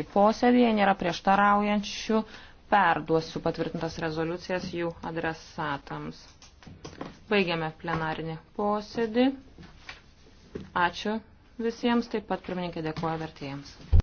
į posėdį, jei nėra prieštaraujančių, perduosiu patvirtintas rezoliucijas jų adresatams. Baigiame plenarinį posėdį. Ačiū visiems, taip pat pirmininkai dėkoja vertėjams.